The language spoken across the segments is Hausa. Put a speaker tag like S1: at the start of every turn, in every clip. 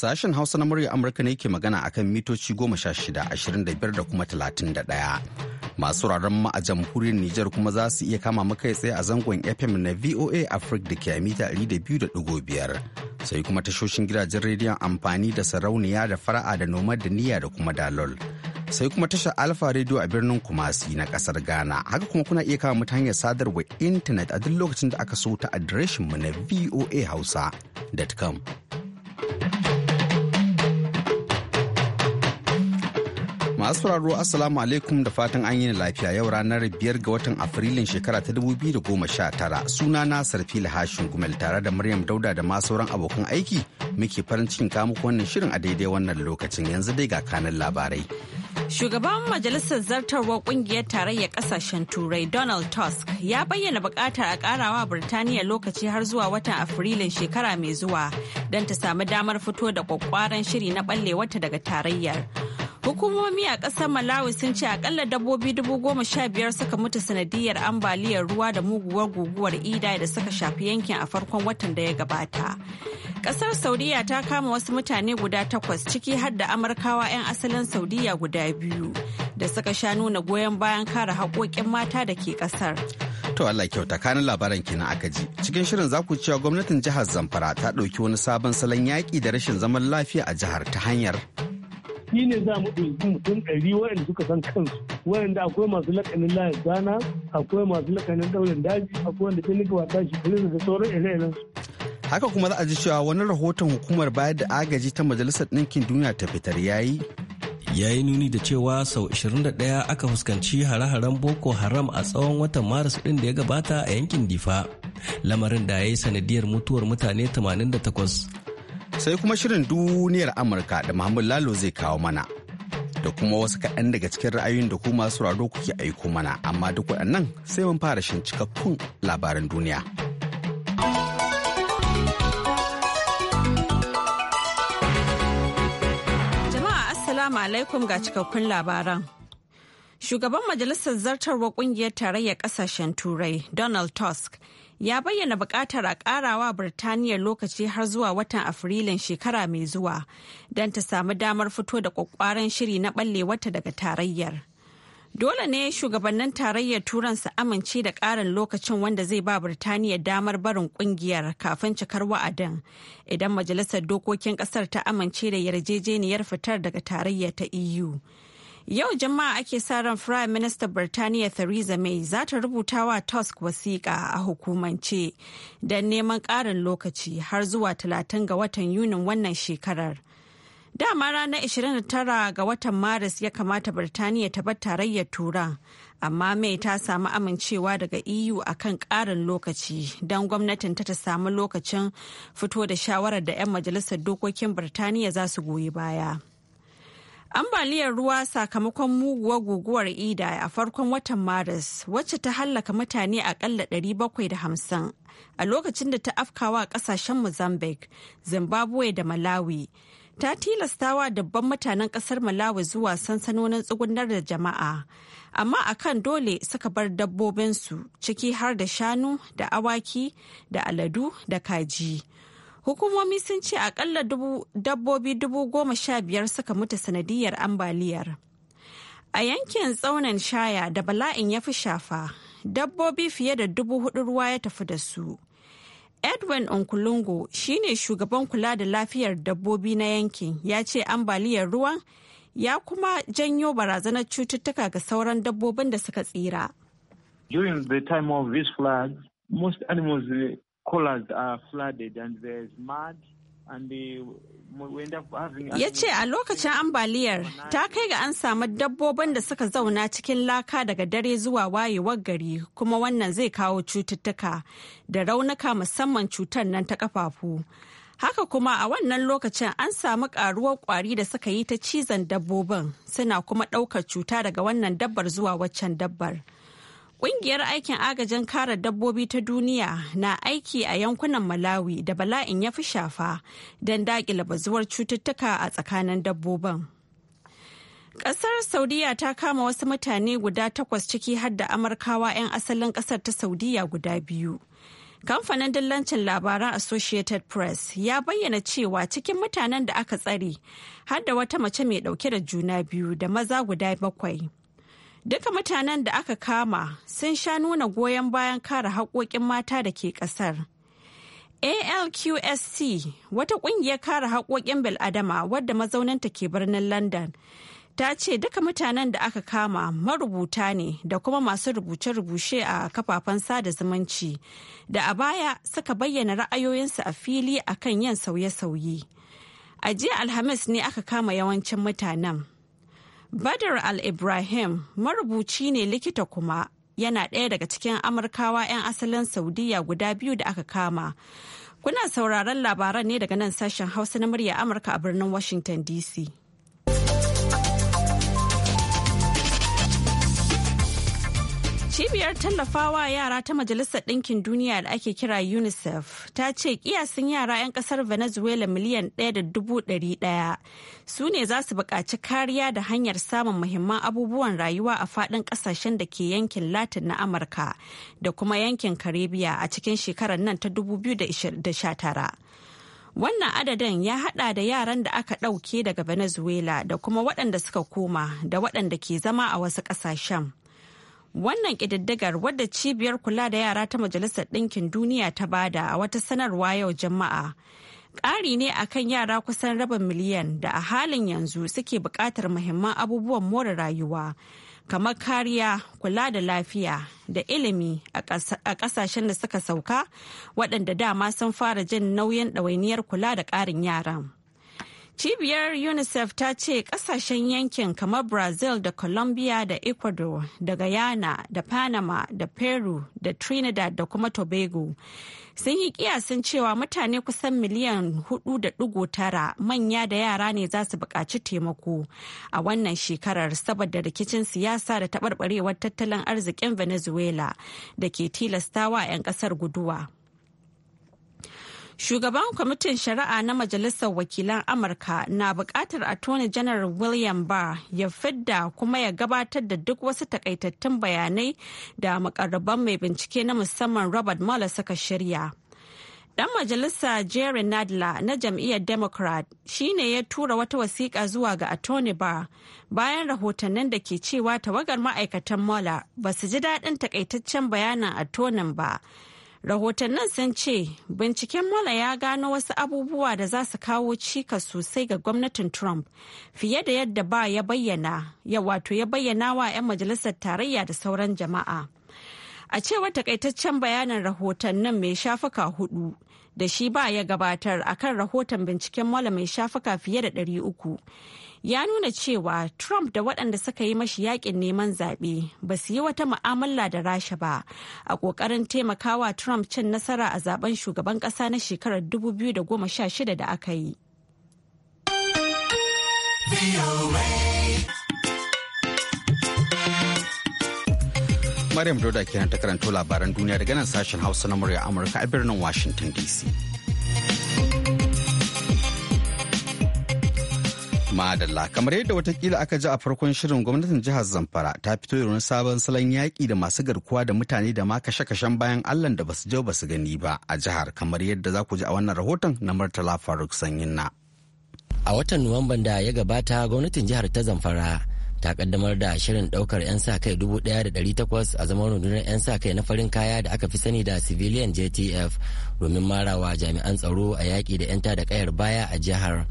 S1: Sashen Hausa na murya Amurka ne ke magana akan mitoci goma sha shida, ashirin da biyar da kuma talatin da ɗaya. Masu wuraren ma a jamhuriyar Nijar kuma za su iya kama maka tsaye a zangon FM na VOA Africa da ke a mita ɗari da biyu da ɗigo biyar. Sai kuma tashoshin gidajen rediyon amfani da sarauniya da fara'a da noma da niyya da kuma dalol. sai kuma tashar alfa radio a birnin kumasi na kasar ghana haka kuma kuna iya kama ta hanyar sadarwa intanet a duk lokacin da aka so ta adireshin mu na voa hausa.com Masu sauraro Assalamu alaikum da fatan an yi lafiya yau ranar biyar ga watan Afrilun shekara ta dubu biyu da goma sha tara suna na sarfi lahashin gumel tare da Maryam Dauda da ma sauran abokan aiki muke farin cikin muku wannan shirin a daidai wannan lokacin yanzu dai ga kanan labarai.
S2: Shugaban Majalisar Zartarwar Kungiyar Tarayyar Kasashen Turai Donald Tusk ya bayyana bukatar a karawa Birtaniya lokaci har zuwa watan Afrilun shekara mai zuwa don ta samu damar fito da kwakwaran shiri na ɓallewata daga tarayyar. Hukumomi a ƙasar Malawi sun ce akalla dabbobi dubu goma sha biyar suka mutu sanadiyar ambaliyar ruwa da muguwar guguwar ida da suka shafi yankin a farkon watan da ya gabata. Ƙasar Saudiya ta kama wasu mutane guda takwas ciki har da Amurkawa 'yan asalin Saudiya guda biyu da suka sha nuna goyon bayan kare haƙoƙin mata da ke ƙasar.
S1: To Allah kyauta kanin labaran kenan aka ji. Cikin shirin za ku cewa gwamnatin jihar Zamfara ta ɗauki wani sabon salon yaƙi da rashin zaman lafiya a jihar ta hanyar
S3: shi ne za mu ɗauki mutum ɗari waɗanda suka san kansu waɗanda akwai masu lakanin layar zana akwai masu lakanin ɗaurin daji akwai wanda ta nika wata shi da sauran ire-iren
S1: haka kuma za a ji cewa wani rahoton hukumar bayar da agaji ta majalisar ɗinkin duniya ta fitar ya yi.
S4: ya yi nuni da cewa sau 21 aka fuskanci hare-haren boko haram a tsawon watan maris ɗin da ya gabata a yankin difa lamarin da ya yi sanadiyar mutuwar mutane 88
S1: sai kuma shirin duniyar amurka da muhammad lalo zai kawo mana da kuma wasu kaɗan daga cikin ra'ayoyin da kuma masu raro kuke aiko mana amma duk waɗannan sai mun fara shin cikakkun labaran duniya.
S2: Jama'a Assalamu alaikum ga cikakkun labaran. Shugaban Majalisar Zartarwa Ƙungiyar Tarayyar Ƙasashen Turai, Donald Tusk, ya bayyana buƙatar a ƙarawa Birtaniya lokaci har zuwa watan Afrilun shekara mai zuwa don ta samu damar fito da ƙwaƙƙwaran shiri na wata daga tarayyar. Dole ne shugabannin tarayyar Turan su amince da ƙarin lokacin wanda zai ba Birtaniya damar barin ƙungiyar kafin cikar wa'adin idan Majalisar Dokokin kasar ta amince da yarjejeniyar fitar daga tarayyar ta EU. Yau jama'a ake sa ran Prime Minister Birtaniya Theresa May za ta rubuta wa Tusk wasiƙa a hukumance don neman ƙarin lokaci har zuwa talatin ga watan Yunin wannan shekarar. Dama ranar 29 ga watan Maris ya kamata Birtaniya ta bar tarayyar Turan, amma May ta samu amincewa daga EU a kan ƙarin lokaci don gwamnatin ta ta samu lokacin fito da shawarar da 'yan majalisar dokokin Birtaniya za su goyi baya. Ambaliyar ruwa sakamakon muguwar guguwar Ida a farkon watan Maris wacce ta hallaka mutane akalla 750 a lokacin da ta afkawa kasashen Mozambique, Zimbabwe da Malawi. Ta tilastawa dabban mutanen kasar Malawi zuwa sansanonin tsugunar da jama'a. Amma a kan dole suka bar dabbobinsu ciki har da shanu da awaki da aladu da kaji. Hukumomi sun ce akalla dabbobi dubu goma sha biyar suka mutu sanadiyar ambaliyar. A yankin tsaunin shaya da bala'in ya fi shafa, dabbobi fiye da dubu hudu ruwa ya tafi da su. Edwin Onkulungo shine shugaban kula da lafiyar dabbobi na yankin ya ce ambaliyar ruwan ya kuma janyo barazanar cututtuka ga sauran dabbobin da suka tsira.
S3: During the time of this flood, most animals yace ya ce
S2: a lokacin ambaliyar ta kai ga an samu dabbobin da suka zauna cikin laka daga dare zuwa wayewar gari kuma wannan zai kawo cututtuka da raunuka musamman cutar nan ta kafafu haka kuma a wannan lokacin an samu karuwar kwari da suka yi ta cizon dabbobin suna kuma ɗaukar cuta daga wannan dabbar zuwa waccan dabbar. Ƙungiyar aikin agajin kare dabbobi ta duniya na aiki a yankunan Malawi da bala'in ya fi shafa don daƙile bazuwar cututtuka a tsakanin dabbobin. Ƙasar Saudiya ta kama wasu mutane guda takwas ciki har da Amurkawa 'yan asalin ƙasar ta Saudiya guda biyu. Kamfanin dillancin labaran Associated Press ya bayyana cewa cikin mutanen da aka tsare har da wata mace mai ɗauke da juna biyu da maza guda bakwai. Duka mutanen da aka kama sun sha nuna goyon bayan kare haƙoƙin mata da ke ƙasar. ALQSC wata ƙungiyar kare haƙoƙin bil'adama wadda mazauninta ke birnin London ta ce duka mutanen da aka kama marubuta ne da kuma masu rubuce-rubuce a kafafen sada zumunci da a baya suka bayyana ra'ayoyinsu a fili akan yin sauye-sauye. A jiya Alhamis ne aka kama yawancin mutanen. Badar al-Ibrahim marubuci ne likita kuma yana ɗaya daga cikin Amurkawa 'yan asalin Saudiya guda biyu da aka kama. Kuna sauraron labaran ne daga nan sashen Hausa na murya Amurka a birnin Washington DC. Cibiyar tallafawa yara ta Majalisar Ɗinkin Duniya da ake kira UNICEF ta ce kiyasin yara 'yan ƙasar Venezuela miliyan ɗaya su ne za su bukaci kariya da hanyar samun muhimman abubuwan rayuwa a faɗin ƙasashen da ke yankin Latin na Amurka da kuma yankin caribbean a cikin shekarar nan ta 2019. Wannan adadin ya hada da yaran da aka ɗauke daga Venezuela da kuma waɗanda suka koma da waɗanda ke zama a wasu ƙasashen. Wannan ƙididdigar wadda cibiyar kula da yara ta Majalisar Ɗinkin Duniya ta bada a wata sanarwa yau Juma'a. Ƙari ne a kan yara kusan rabin miliyan da a halin yanzu suke buƙatar muhimman abubuwan more rayuwa, kamar kariya, kula da lafiya, da ilimi a ƙasashen da suka sauka waɗanda dama sun fara jin nauyin ɗawainiyar kula da ƙarin yaran. Cibiyar UNICEF ta ce kasashen yankin kamar Brazil da Colombia da Ecuador da Guyana da Panama da Peru da Trinidad da kuma Tobago sun yi kiyasin cewa mutane kusan miliyan 4.9 manya da yara ne za su buƙaci taimako a wannan shekarar saboda rikicin siyasa da taɓarɓarewar tattalin arzikin Venezuela da ke tilastawa 'yan ƙasar guduwa. Shugaban kwamitin shari'a na Majalisar Wakilan Amurka na buƙatar Attorney General William Barr ya fidda kuma ya gabatar da duk wasu takaitattun bayanai da makarraban mai bincike na musamman Robert Mueller suka shirya. Dan majalisa Jerry Nadler na jam'iyyar Democrat shine ya tura wata wasiƙa zuwa ga Attorney Barr bayan rahotannin da ke cewa tawagar ma'aikatan Mueller ba su ji daɗin takaitaccen bayanin Attorney ba. rahotannin sun ce binciken mola ya gano wasu abubuwa da za su kawo cika sosai ga gwamnatin trump fiye da yadda ba ya bayyana ya wato ya bayyana wa 'yan majalisar tarayya da sauran jama'a a cewar takaitaccen bayanin rahotannin mai shafuka hudu da shi ba ya gabatar akan rahoton binciken mola mai shafuka fiye da 300 ya nuna cewa Trump da waɗanda suka yi mashi yakin neman zaɓe ba su yi wata mu'amala da Rasha ba a ƙoƙarin taimakawa Trump cin nasara a zaben shugaban ƙasa na shekarar 2016 da aka yi.
S1: Maryam Doda kenan ta karanto labaran duniya daga nan sashen Hausa na murya Amurka a birnin Washington DC. Madalla kamar yadda watakila aka ji a farkon shirin gwamnatin jihar Zamfara ta fito da wani sabon salon yaƙi da masu garkuwa da mutane da ma kashe-kashen bayan Allah da basu je su gani ba a jihar kamar yadda za ku ji a wannan rahoton na Murtala Faruk Sanyinna.
S5: A watan Nuwamban da ya gabata gwamnatin jihar ta Zamfara ta kaddamar da shirin daukar 'yan sa kai 1,800 a zaman rundunar 'yan sa kai na farin kaya da aka fi sani da civilian JTF domin marawa jami'an tsaro a yaƙi da 'yanta da kayar baya a jihar.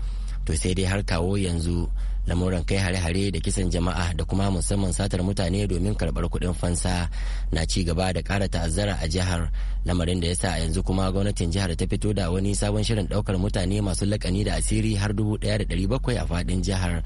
S5: to sai dai har kawo yanzu lamuran kai hare-hare da kisan jama'a da kuma musamman satar mutane domin karbar kuɗin fansa na ci gaba da kara ta'azzara a jihar lamarin da ya sa yanzu kuma gwamnatin jihar ta fito da wani sabon shirin ɗaukar mutane masu lakani da asiri har dubu ɗaya da ɗari bakwai a faɗin jihar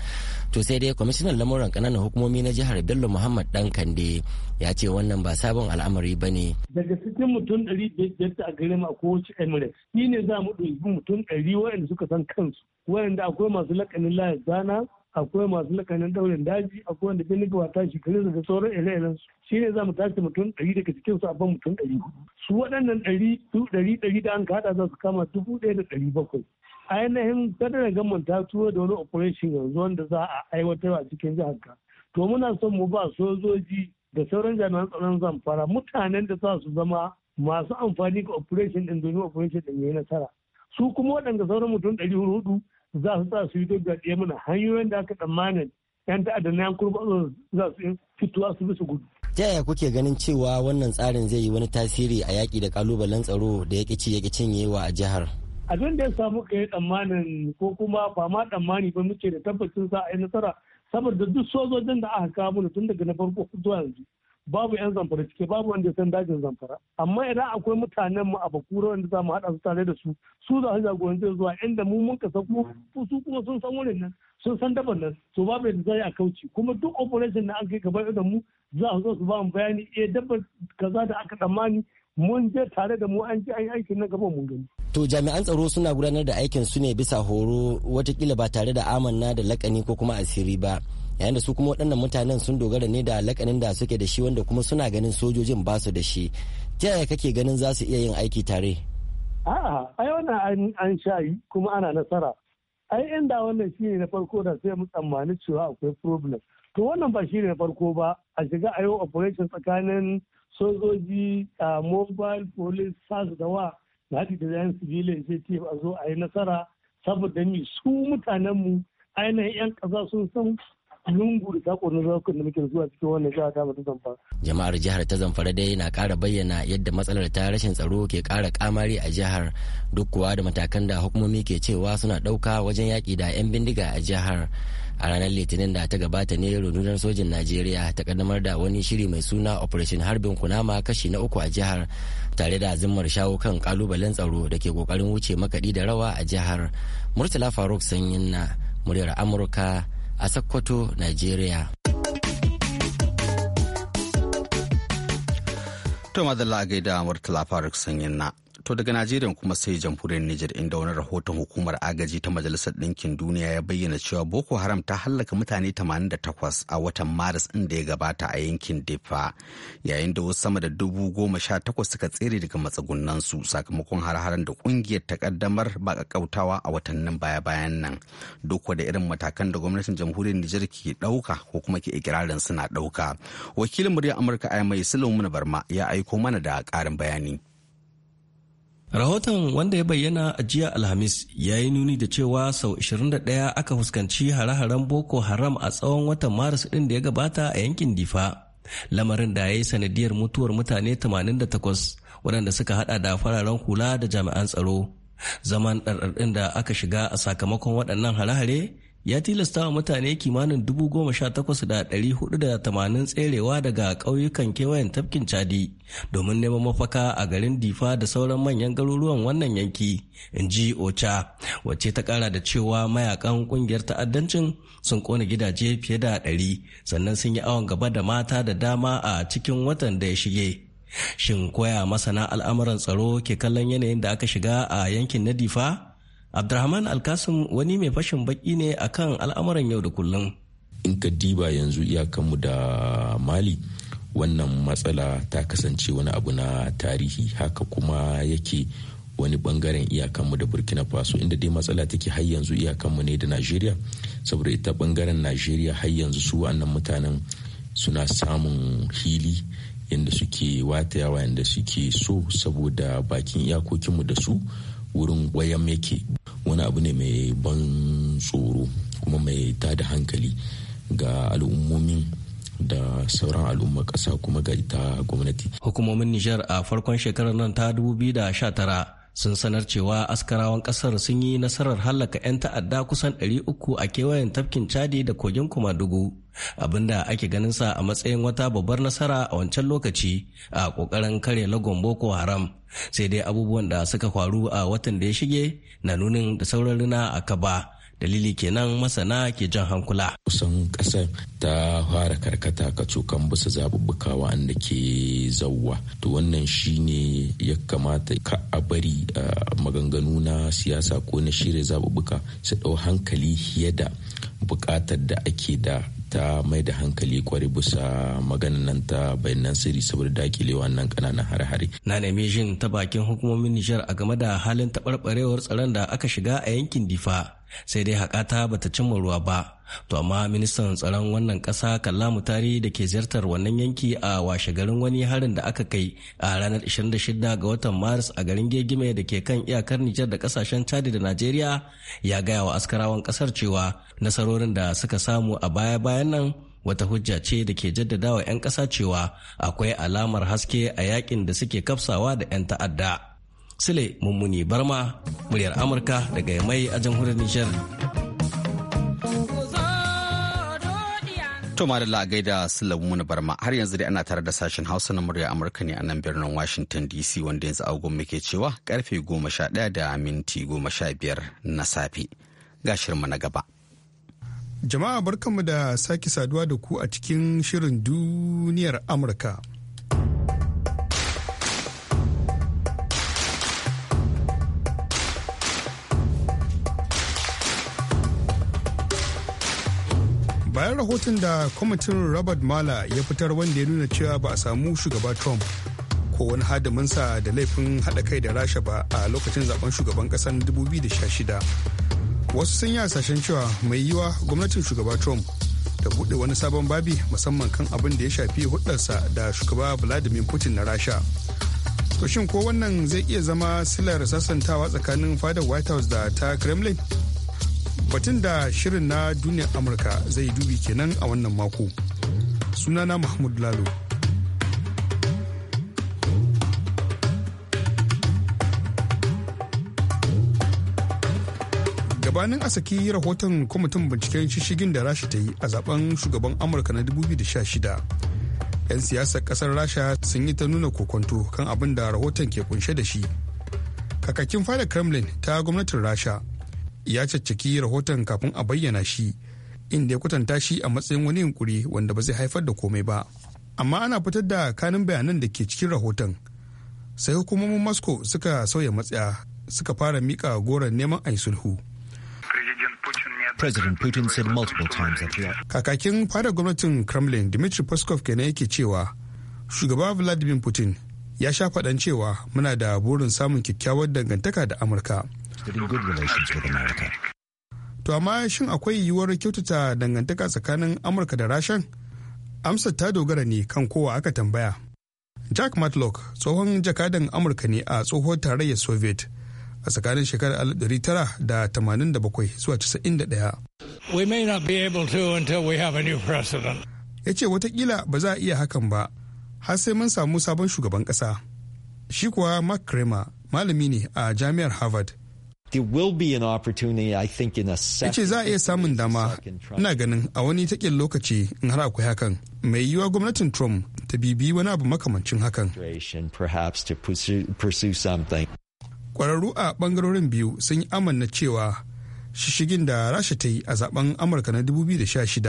S5: to sai dai kwamishinan lamuran ƙananan hukumomi na jihar bello muhammad dan kande ya ce wannan ba sabon al'amari ba ne.
S3: daga cikin mutum ɗari biyar a garin a kowace emirates shi ne za mu ɗauki mutum ɗari waɗanda suka san kansu wanda akwai masu lakanin layar zana akwai masu lakanin daurin daji akwai wanda bin gaba ta shi kare da sauran ire-iren su shi ne za mu tashi mutum ɗari daga cikin su a mutum ɗari su waɗannan ɗari ɗari ɗari da an kaɗa za su kama dubu ɗaya da ɗari bakwai ainihin federal gamman ta tuwo da wani operation yanzu wanda za a aiwatar a cikin jihar ka to muna son mu ba sojoji da sauran jami'an tsaron zamfara mutanen da za su zama masu amfani ga operation ɗin domin operation ya yi nasara su kuma waɗanda sauran mutum ɗari hudu za su sa su yi don mana hanyoyin da aka tsammanin yan ta'adda na yan kurba uh, za su fitowa su bisa gudu.
S5: ta yaya kuke ganin cewa wannan tsarin zai yi wani tasiri a yaƙi da ƙalubalen tsaro da ya ci ya cinyewa a jihar.
S3: abin da ya samu ka yi tsammanin ko kuma ba ma tsammani ba muke da tabbacin sa a yi nasara saboda duk sojojin da aka kawo mana tun daga na farko zuwa yanzu babu 'yan zamfara cike babu wanda ya san dajin zamfara amma idan akwai mutanen mu a bakura wanda za mu haɗa su tare da su su za su jagoranci zuwa inda mu mun kasa ku su kuma sun san wurin nan sun san daban nan to babu yadda za a kauce kuma duk operation da an kai gaba da mu za su zo su ba mu bayani eh dabbar kaza da aka tsammani mun je tare da mu an ji an aikin na gaban mun gani. To jami'an tsaro
S5: suna gudanar da aikin su ne bisa horo watakila ba tare da amanna da lakani ko kuma asiri ba. yayin da su kuma waɗannan mutanen sun dogara ne da lakanin da suke da shi wanda kuma suna ganin sojojin ba su da shi ta yaya kake ganin za su iya yin aiki tare
S3: a'a ai wannan an sha yi kuma ana nasara ai inda wannan shine na farko da sai mu tsammani cewa akwai problem to wannan ba shine na farko ba a shiga a yau operation tsakanin sojoji a mobile police sas da wa da haɗi da zayen civilian sai ce a zo a yi nasara saboda ni su mutanenmu ainihin 'yan ƙasa sun san lungu da da muke zuwa cikin wannan ta
S5: jama'ar jihar ta zamfara dai na kara bayyana yadda matsalar ta rashin tsaro ke kara kamari a jihar duk kuwa da matakan da hukumomi ke cewa suna ɗauka wajen yaki da 'yan bindiga a jihar a ranar litinin da ta gabata ne rundunar sojin najeriya ta kaddamar da wani shiri mai suna operation harbin kunama kashi na uku a jihar tare da zimmar shawo kan kalubalen tsaro da ke kokarin wuce makaɗi da rawa a jihar murtala faruk sanyin na muryar amurka a Sokoto, Najeriya.
S1: To madalla a gaida Murtala Faruk Sanyin na To daga Najeriya kuma sai jamhuriyar Niger, inda wani rahoton hukumar agaji ta Majalisar Ɗinkin Duniya ya bayyana cewa Boko Haram ta hallaka mutane 88 a watan Maris inda ya gabata a yankin Defa yayin da wasu sama da dubu goma sha takwas suka tsere daga su sakamakon har da kungiyar ta kaddamar ba kakkautawa a watannin baya-bayan nan duk da irin matakan da gwamnatin jamhuriyar Niger ke ɗauka ko kuma ke ikirarin suna ɗauka. Wakilin Muryar Amurka a mai Sulaimu Barma ya aiko mana da ƙarin bayani.
S4: Rahoton wanda ya bayyana a jiya Alhamis ya yi nuni da cewa sau 21 aka fuskanci hare-haren Boko Haram a tsawon watan Maris ɗin da ya gabata a yankin Difa. Lamarin da ya yi sanadiyar mutuwar mutane 88 waɗanda suka hada da fararen hula da jami'an tsaro. Zaman ɗarɗarɗin da aka shiga a sakamakon waɗannan hare-hare ya tilasta wa mutane kimanin dubu goma sha da 18,480 tserewa daga ƙauyukan kewayen tafkin Chadi domin neman mafaka a garin Difa da sauran manyan garuruwan wannan yanki, in ji Ocha, wacce ta ƙara da cewa mayakan ƙungiyar ta'addancin sun kona gidaje fiye da 100 sannan sun yi awon gaba da mata da dama a cikin watan da ya shige. Shin koya masana al'amuran tsaro ke kallon yanayin da aka shiga a yankin na Difa? Abdulrahman Alkasim wani mai fashin baki ne akan al'amuran yau da kullum. In ka diba yanzu iyakanmu da Mali wannan matsala ta
S6: kasance wani abu na tarihi haka kuma yake wani bangaren iyakanmu da burkina faso inda dai matsala take har yanzu iyakanmu ne da najeriya saboda ita bangaren najeriya har yanzu su wa'annan mutanen suna samun hili yadda suke watayawa yadda suke so saboda bakin iyakokinmu da su wurin wayan yake wani abu ne mai ban tsoro kuma mai tada hankali ga al'ummomin da sauran al'umma ƙasa kuma ga ita gwamnati.
S4: Hukumomin Nijar a farkon shekarar nan ta 2019 sun sanar cewa askarawan kasar sun yi nasarar hallaka 'yan ta'adda kusan 300 a kewayen tafkin chadi da kogin kumadugu abinda ake ganin sa a matsayin wata babbar nasara a wancan lokaci a kokarin kare lagon boko haram sai dai abubuwan da suka faru a watan da ya shige na nunin da sauran rina a kaba dalili kenan masana ke jan hankula kusan
S6: kasar ta fara karkata ka kan bisa zaɓuɓɓuka wa'anda ke zauwa to wannan shi ne ya kamata ka a bari maganganu na siyasa ko na shirya zaɓuɓɓuka su ɗau hankali fiye da buƙatar da ake da ta mai da hankali kwarai bisa maganan nan ta bayanan sirri saboda dakile
S4: wannan kananan hare-hare. Na nemi jin ta bakin hukumomin Nijar a game da halin taɓarɓarewar tsaron da aka shiga a yankin Difa sai dai haƙata bata cimma ruwa ba. to amma ministan tsaron wannan kasa kallamu tari da ke ziyartar wannan yanki a washe garin wani harin da aka kai a ranar 26 ga watan maris a garin gegime da ke kan iyakar nijar da kasashen chadi da nigeria ya gaya wa askarawan kasar cewa nasarorin da suka samu a baya-bayan nan wata hujja ce da ke jaddadawa 'yan ƙasa cewa akwai alamar haske a yakin da suke kafsawa da 'yan ta'adda. sile Mummuni Barma, muryar Amurka daga mai a jamhuriyar Nijar.
S1: To Madalla a gaida Sulamu na Barma har yanzu dai ana tare da sashen Hausa na murya Amurka ne a nan birnin Washington DC wanda yanzu agogon muke cewa karfe goma sha ɗaya da minti goma sha biyar na safe. Ga na gaba.
S7: Jama'a barkanmu da sake saduwa da ku a cikin shirin duniyar Amurka. bayan rahoton da kwamitin robert mala ya fitar wanda ya nuna cewa ba a samu shugaba trump ko wani hadaminsa da laifin haɗa kai da rasha ba a lokacin zaben shugaban ƙasar 2016 wasu sun yi hasashen cewa mai yiwa gwamnatin shugaba trump da buɗe wani sabon babi musamman kan abin da ya shafi hudarsa da shugaba vladimir putin na rasha to shin ko wannan zai iya zama silar sassantawa tsakanin fadar white house da ta kremlin Batun da shirin na duniyar Amurka zai dubi kenan a wannan mako. Sunana Mahmud Lalo. gabanin a saki rahoton kwamitin binciken shishigin da rasha ta yi a zaben shugaban amurka na 2016 'yan siyasar kasar rasha sun yi ta nuna kokonto kan abin da rahoton ke kunshe da shi kakakin fada kremlin ta gwamnatin rasha ya caccaki rahoton kafin a bayyana shi inda ya kwatanta shi a matsayin wani yunkuri wanda ba zai haifar da komai ba amma ana fitar da kanin bayanan da ke cikin rahoton sai hukumomin moscow suka sauya matsaya suka fara mika goron neman a sulhu President Putin Kakakin fada gwamnatin Kremlin Dmitry Peskov kenan yake cewa shugaba Vladimir Putin ya sha faɗan cewa muna da burin samun kyakkyawar dangantaka da Amurka. fostering good relations with America. To amma shin akwai yiwuwar kyautata dangantaka tsakanin Amurka da Rashan? Amsa ta dogara ne kan kowa aka tambaya. Jack Matlock tsohon jakadan Amurka ne a tsohon tarayyar Soviet a tsakanin shekarar 1987 zuwa 91.
S3: We may not be able to until we have a new president.
S7: Ya ce watakila ba za a iya hakan ba, har sai mun samu sabon shugaban ƙasa. Shi kuwa Mark Kramer malami ne a jami'ar Harvard there will be an opportunity I think in a second. Yace za a iya samun dama ina ganin a wani takin lokaci in har akwai hakan mai yiwuwa gwamnatin Trump ta bibi wani abu makamancin hakan. Kwararru a bangarorin biyu sun yi amanna cewa shishigin da Rasha ta yi a zaben Amurka na 2016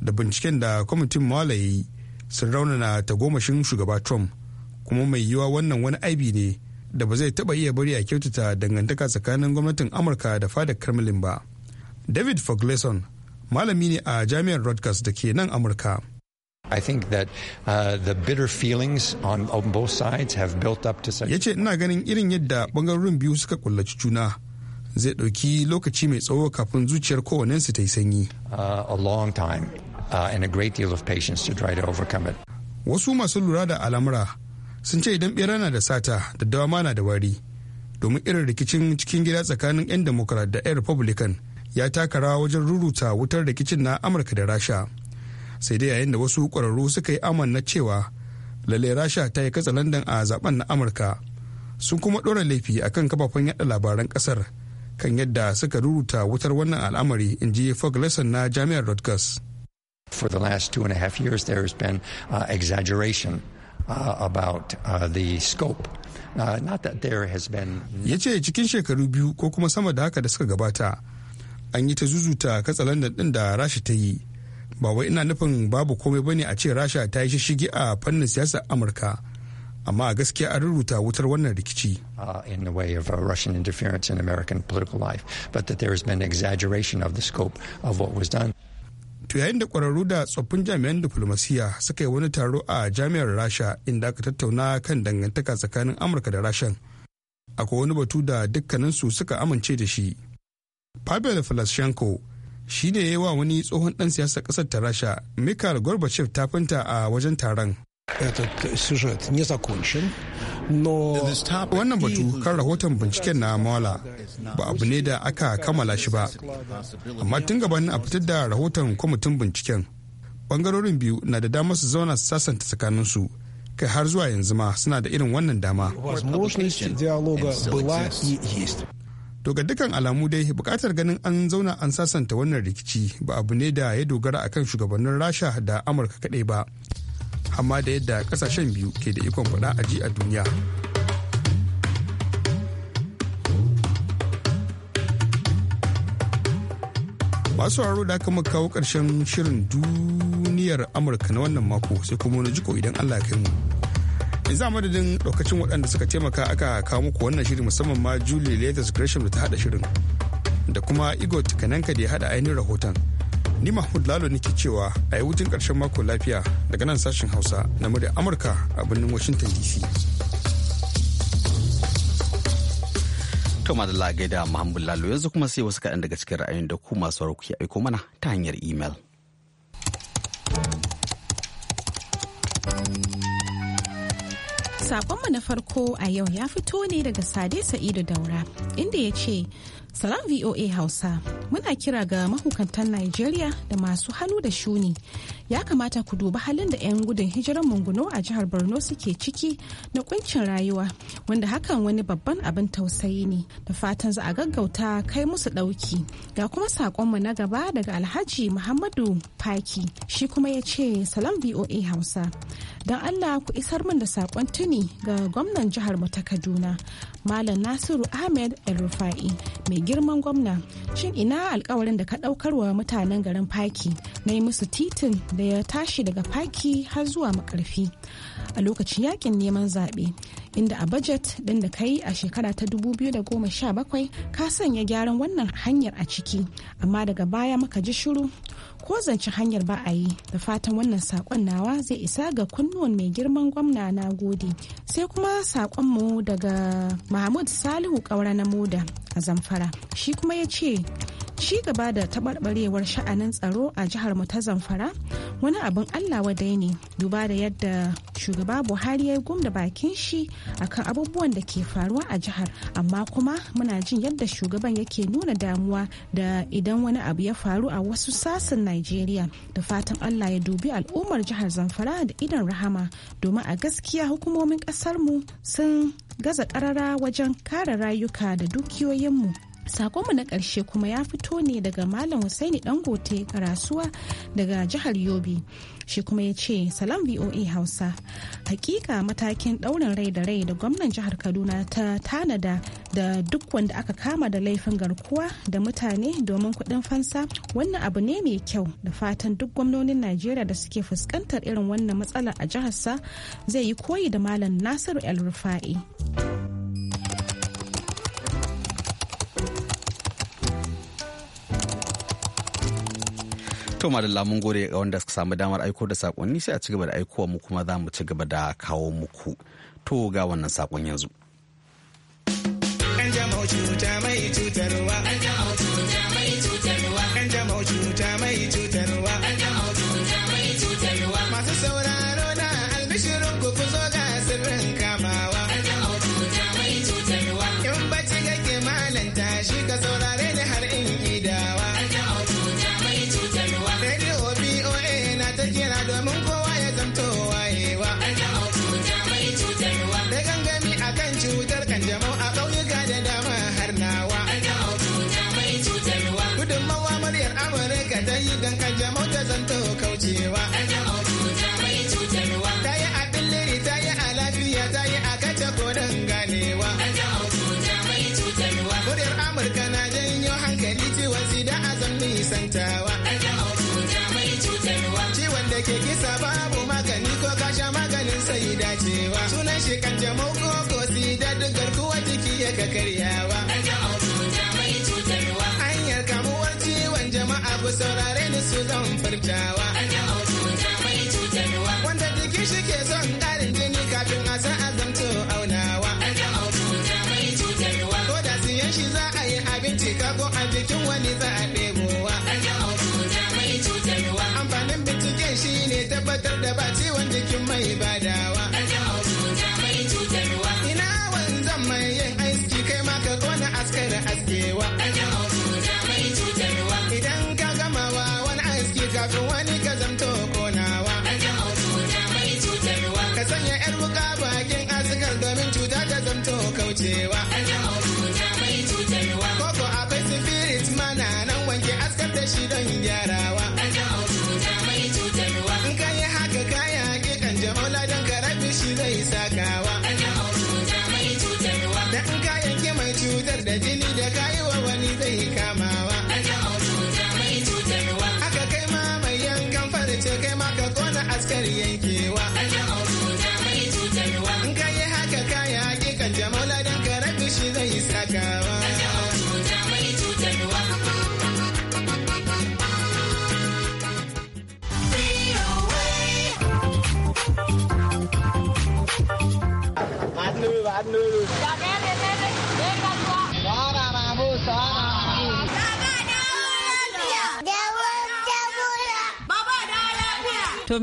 S7: da binciken da kwamitin Mawala ya yi sun raunana tagomashin shugaba Trump kuma mai yiwuwa wannan wani aibi ne da ba zai taɓa iya bari a kyautata dangantaka tsakanin gwamnatin amurka da fadar kremlin ba david fogleson malami ne a jami'ar rutgers da ke nan amurka I think that uh, the bitter feelings on, on both sides have built up to such. Ya ce ina ganin irin yadda bangarorin biyu suka kullaci juna zai ɗauki lokaci mai tsawo kafin zuciyar su ta yi sanyi. Uh, a long time
S6: uh, and a great deal of patience to try to overcome it.
S7: Wasu masu lura da al'amura sun ce idan bera na da sata da dama na da wari domin irin rikicin cikin gida tsakanin 'yan democrat da 'yan republican ya taka rawa wajen ruruta wutar rikicin na amurka da rasha sai dai yayin da wasu kwararru suka yi amanna cewa lalle rasha ta yi katsa katsalandan a zaben na amurka sun kuma ɗora laifi akan kafafen yada labaran ƙasar kan yadda suka ruruta wutar wannan al'amari in ji fog lesson na jami'ar Rutgers. For the last two and a half years, there has been uh, exaggeration Uh, about uh, the scope. Uh, ya ce cikin shekaru biyu ko kuma sama da haka da suka gabata an yi ta zuzuta katsalandan ɗin da rasha ta yi ba wai ina nufin babu komai ba ne a ce rasha ta yi shishigi a fannin siyasar amurka amma a gaskiya an rubuta wutar wannan rikici. in the way of Russian interference in American political life, but that there has been exaggeration of the scope of what was done. to yayin da kwararru da tsoffin jami'an diflomasiyya suka yi wani taro a jami'ar rasha inda aka tattauna kan dangantaka tsakanin amurka da rashan akwai wani batu da dukkaninsu suka amince da shi pavel falashenko shi ne ya yi wa wani tsohon ɗan siyasar ƙasar ta rasha mikhail gorbachev tafinta a wajen taron этот сюжет не закончен, но... Wannan batu kan rahoton binciken na Mola ba abu ne da aka kammala shi ba, amma tun gabanin a fitar da rahoton kwamitin binciken. Bangarorin biyu na da dama su zauna su sasanta tsakaninsu, kai har zuwa yanzu ma suna da irin wannan dama. To ga dukkan alamu dai bukatar ganin an zauna an sasanta wannan rikici ba abu ne da ya dogara akan shugabannin Rasha da Amurka kaɗai ba. amma da yadda kasashen biyu ke da ikon faɗa a ji a duniya masu sauraro da aka kawo ƙarshen shirin duniyar amurka na wannan mako sai kuma wani jiko idan allah kai mu in za madadin lokacin waɗanda suka taimaka aka kawo muku wannan shirin musamman ma julie latest gresham da ta haɗa shirin da kuma igor tikananka da ya haɗa ainihin rahoton ni mahmud lalo nake cewa a yi hutun ƙarshen mako lafiya daga nan sashen hausa na murya amurka a birnin washington dc
S1: To madalla gaida Muhammad Lalo yanzu kuma sai wasu kaɗan daga cikin ra'ayin da ku masu ku aiko mana ta hanyar imel.
S8: Sakonmu na farko a yau ya fito ne daga Sade Sa'idu Daura inda ya ce Salam VOA Hausa, muna kira ga mahukantan Najeriya da masu hannu da shuni. Ya kamata ku duba halin da 'yan gudun hijirar munguno a jihar Borno suke ciki na kuncin rayuwa, wanda hakan wani babban abin tausayi ne. Da fatan za a gaggauta kai musu ɗauki. Ga kuma saƙonmu na gaba daga Alhaji Muhammadu Faki, shi kuma ya ce Salam VOA Hausa. Don Allah ku isar min da saƙon tuni ga gwamnan jihar mu ta Kaduna, Malam Nasiru Ahmed El Rufa'i, mai girman gwamna shin ina alkawarin da ka daukar wa mutanen garin faki na yi musu titin da ya tashi daga faki har zuwa makarfi a lokacin yakin neman zaɓe inda a budget ɗin da ka yi a shekara ta 2017 ka sanya gyaran wannan hanyar a ciki amma daga baya muka ji shuru ko zance hanyar ba a yi da fatan wannan sakon nawa zai isa ga kunnuwan mai girman gwamna na gode sai kuma mu daga mahmud salihu ƙaura na moda a zamfara shi kuma ya ce shi gaba da taɓarɓarewar sha'anin tsaro a jihar mu ta zamfara wani abin allah wadai ne duba da yadda shugaba buhari ya yi gumda bakin shi akan abubuwan da ke faruwa a jihar amma kuma muna jin yadda shugaban yake nuna damuwa da idan wani abu ya faru a wasu sassan najeriya da fatan allah ya dubi al'ummar jihar zamfara da idan rahama domin a gaskiya hukumomin mu sun gaza ƙarara wajen kare rayuka da dukiyoyinmu Sakonmu na ƙarshe kuma ya fito ne daga Malam Hussaini Dangote Karasuwa daga jihar Yobe. Shi kuma ya ce, Salam VOA Hausa, hakika matakin ɗaurin rai da rai da gwamnan jihar Kaduna ta tanada da duk wanda aka kama da laifin garkuwa da mutane domin kudin fansa wannan abu ne mai kyau da fatan duk gwamnonin Najeriya da suke fuskantar irin wannan matsala a jiharsa zai yi koyi da Malam Nasiru El Rufa'i.
S1: To da mun gode ga wanda suka samu damar aiko da sakonni sai a ci gaba da aikowa mu kuma za mu ci gaba da kawo muku. To ga wannan sakon yanzu.
S9: An jama'u cuta mai cutarwa bisa babu magani ko kasha maganin sai dacewa sunan shi kan jamau ko si da duk kuwa jiki ya ka karyawa hanyar kamuwar ciwon jama'a ku saurare ni su zan furtawa wanda jiki shi ke son karin jini kafin a san azamto aunawa ko da siyan shi za a yi abinci kako a jiki cewa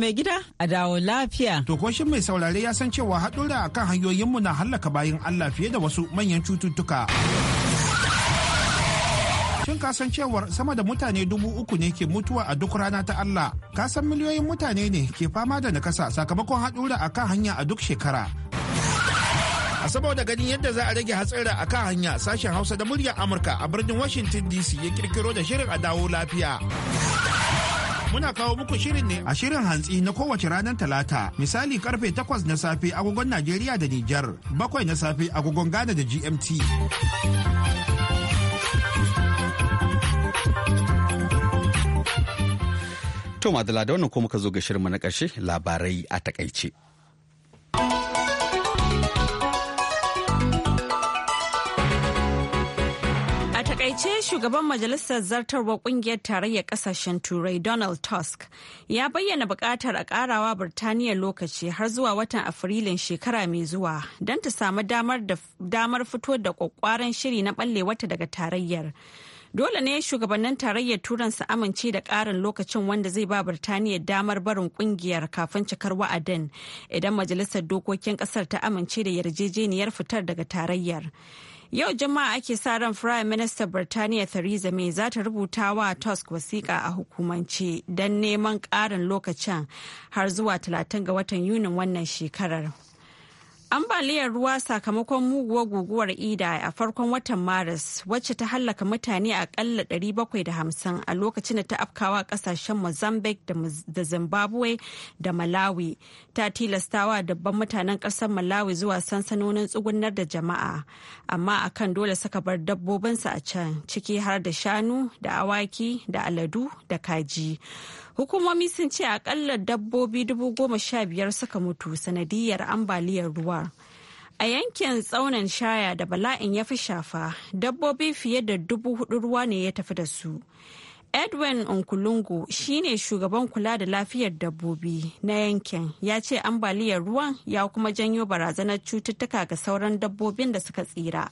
S7: mai gida a dawo lafiya. To mai saurare ya san cewa haɗura akan hanyoyinmu na hallaka bayan Allah fiye da wasu manyan cututtuka. Shin ka cewar sama da mutane dubu uku ne ke mutuwa a duk rana ta Allah? kasan miliyoyin mutane ne ke fama da nakasa sakamakon haɗura kan hanya a duk shekara. a saboda ganin yadda za a rage hatsari a kan hanya sashen hausa da muryar amurka a birnin washington dc ya kirkiro da shirin a dawo lafiya muna kawo muku shirin ne a shirin hantsi na kowace ranar talata misali karfe takwas na safe agogon najeriya da nijar bakwai na safe agogon ghana da gmt
S1: to madala da wannan ko muka zo ga shirinmu na ƙarshe labarai a takaice
S2: shugaban majalisar zartarwa kungiyar tarayyar kasashen turai donald tusk ya bayyana bukatar a karawa birtaniya lokaci har zuwa watan afrilun shekara mai zuwa don ta samu damar fito da kwakwaran shiri na balle wata daga tarayyar dole ne shugabannin tarayyar turan su amince da karin lokacin wanda zai ba birtaniya damar barin kungiyar kafin cikar wa'adin idan majalisar dokokin kasar ta amince da yarjejeniyar fitar daga tarayyar Yau Juma'a ake sa ran Prime Minister Birtaniya Theresa May za ta rubuta wa Tusk wasiƙa a hukumance don neman ƙarin lokacin har zuwa 30 ga watan Yunin wannan shekarar. Ambaliyar ruwa sakamakon muguwar guguwar Ida a farkon watan Maris wacce ta hallaka mutane akalla 750 a lokacin da ta afkawa kasashen Mozambique da Zimbabwe da Malawi ta tilastawa dabban mutanen kasar Malawi zuwa sansanonin tsugunar da jama'a amma akan dole saka bar dabbobinsu a can ciki har da shanu da awaki da aladu da kaji. Hukumomi sun ce akalla dabbobi dubu goma sha biyar suka mutu sanadiyar ambaliyar ruwa. A yankin tsaunin shaya da bala'in ya fi shafa, dabbobi fiye da dubu hudu ruwa ne ya tafi da su. Edwin Nkulungu shine shugaban kula da lafiyar dabbobi na yankin ya ce ambaliyar ruwan ya kuma janyo barazanar cututtuka ga sauran dabbobin da suka tsira.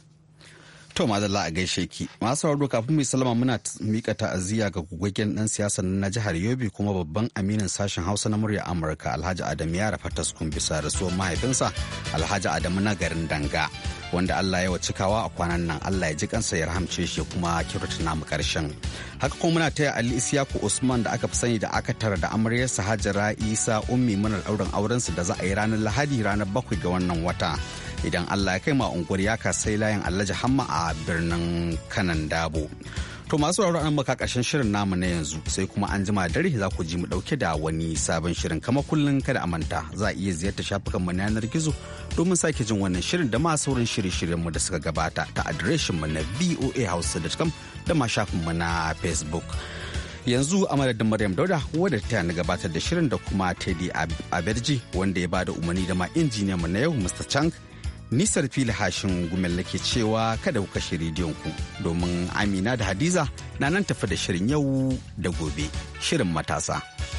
S1: To madalla a gaishe ki. Masu sauraro kafin mu salama muna mika ta'aziyya ga gugugen dan siyasa na jihar Yobe kuma babban aminin sashen Hausa na murya Amurka Alhaji Adamu ya rafa taskun bisa rasuwar mahaifinsa Alhaji Adamu na garin Danga wanda Allah ya cikawa a kwanan nan Allah ya ji kansa ya rahamce shi kuma kirta namu karshen. Haka kuma muna taya Ali Isiyaku Usman da aka fi sani da aka tara da amaryarsa Hajara Isa Ummi muna ɗaurin aurensu da za a yi ranar Lahadi ranar bakwai ga wannan wata. idan allah ya kai ma unguwar ya sai layin alhaji hamma a birnin kanan dabo to masu rauro an maka ƙarshen shirin namu na yanzu sai kuma an jima dare za ku ji mu dauke da wani sabon shirin kama kullum kada a manta za a iya ziyarta shafukan mu na yanar gizo domin sake jin wannan shirin da ma sauran shirye-shiryen mu da suka gabata ta adireshin mu na voahouse.com da ma shafin mu na facebook yanzu a madadin maryam dauda wadda ta na gabatar da shirin da kuma teddy abirji wanda ya bada umarni da ma injiniyan mu na yau mr chang Nisar fili hashin gumel ke cewa kada ku kashe rediyon ku domin Amina da Hadiza na nan tafi da shirin yau da gobe, shirin matasa.